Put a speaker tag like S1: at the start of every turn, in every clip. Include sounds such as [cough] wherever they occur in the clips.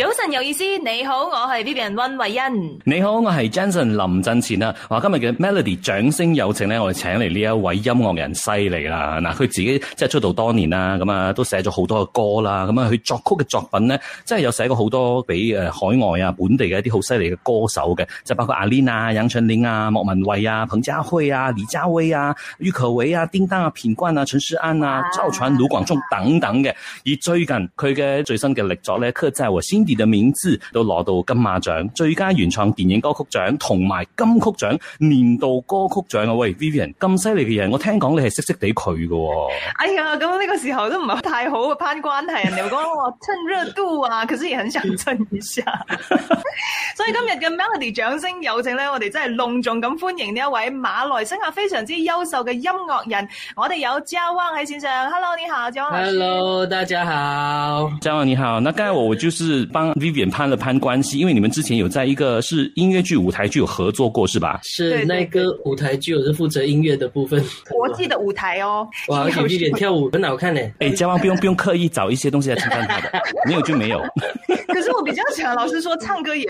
S1: 早晨有意思，你好，我係 Vivian 溫慧欣。
S2: 你好，我係 Jason 林振前啊。哇，今日嘅 Melody 掌聲有請咧，我哋請嚟呢一位音樂人犀利啦。嗱，佢、啊、自己即係出道多年啦、啊，咁啊都寫咗好多嘅歌啦。咁啊，佢作曲嘅作品咧，真係有寫過好多俾誒海外啊、本地嘅一啲好犀利嘅歌手嘅，就包括阿 Lin 啊、楊春玲啊、莫文蔚啊、彭佳慧啊、李佳薇啊、郁可唯啊、丁當啊、品冠啊、陳勢安啊、趙傳、啊、盧廣仲等等嘅。啊、而最近佢嘅最新嘅力作咧，《佢就我你嘅名字都攞到金馬獎最佳原創電影歌曲獎同埋金曲獎年度歌曲獎啊！喂，Vivian 咁犀利嘅人，我聽講你係識識地佢㗎喎。
S1: 哎呀，咁呢個時候都唔係太好嘅攀關係，人哋會講我蹭熱度啊！其實也很想蹭一下。 [laughs] 所以今日嘅 Melody 掌聲有請咧，我哋真係隆重咁歡迎呢一位馬來西亞非常之優秀嘅音樂人。我哋有佳旺先生，Hello 你好佳旺 Hello
S2: 大家好佳旺你好。那剛才我就是幫 Vivian 攀了攀關係，因為你們之前有在一個是音樂劇舞台劇有合作過，是吧？
S3: 是，那一個舞台劇，我是負責音樂的部分。國
S1: 際的舞台哦，哇 Vivian 跳
S3: 舞真好看咧。誒佳旺、 [laughs] 欸、不用不用刻意找一些東西來稱讚佢的沒有就沒有。
S1: [laughs] 可是我比較喜歡老師說唱歌也。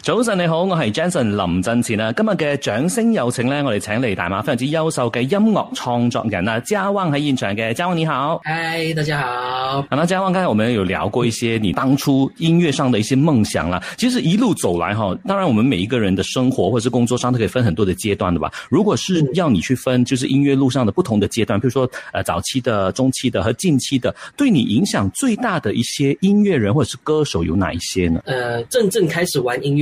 S2: 早晨你好，我係 Janson 林振前。今日嘅掌聲有請咧，我哋請嚟大馬非常之優秀嘅音樂創作人佳旺 Jawang 喺現場嘅佳旺，你好，
S3: 嗨，大家
S2: 好。那佳旺，剛才我們有聊過一些你當初音樂上的一些夢想啦。其實一路走來，當然我們每一個人的生活或者是工作上都可以分很多的階段的吧。如果是要你去分，就是音樂路上的不同的階段，譬如說，嗯、呃，早期的、中期的和近期的，對你影響最大的一些音樂人或者是歌手有哪一些呢？呃，真
S3: 正、正開始玩音樂。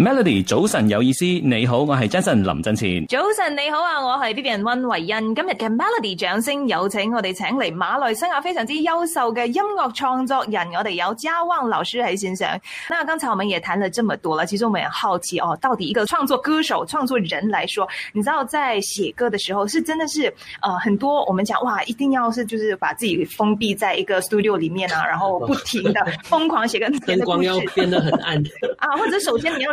S2: Melody 早晨有意思，你好，我係 Jason 林振前。
S1: 早晨你好啊，我係 Vivian 温維恩。今日嘅 Melody 掌聲有請，我哋請嚟馬來西亞非常之優秀嘅音樂創作人，我哋有嘉旺老師喺線上。那剛才我們也談了這麼多了，其實我們也好奇哦，到底一個創作歌手、創作人來說，你知道在寫歌的時候是真的是，呃，很多我們講哇，一定要是就是把自己封閉在一個 studio 裏面啊，然後不停的瘋狂寫歌天 [laughs] 光要變得很暗 [laughs] 啊，或者首先你要。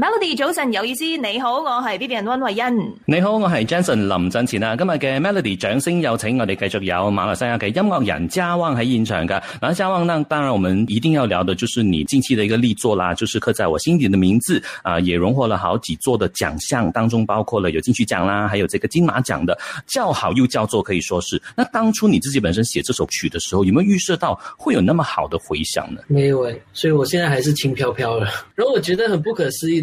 S1: Melody 早晨有意思，你好，我係呢邊溫慧恩。
S2: 你好，我係 Jason 林振前啊。今日嘅 Melody 掌聲有請，我哋繼續有馬來西亞嘅音樂人佳旺喺現場嘅。佳旺，那當然我們一定要聊的，就是你近期的一個力作啦，就是《刻在我心底的名字》啊，也榮獲了好幾座的獎項，當中包括了有金曲獎啦，還有這個金馬獎的叫好又叫座，可以說是。那當初你自己本身寫這首曲的時候，有沒有預設到會有那麼好的回響呢？
S3: 沒有誒、欸，所以我現在還是輕飄飄啦。然後我覺得很不可思議。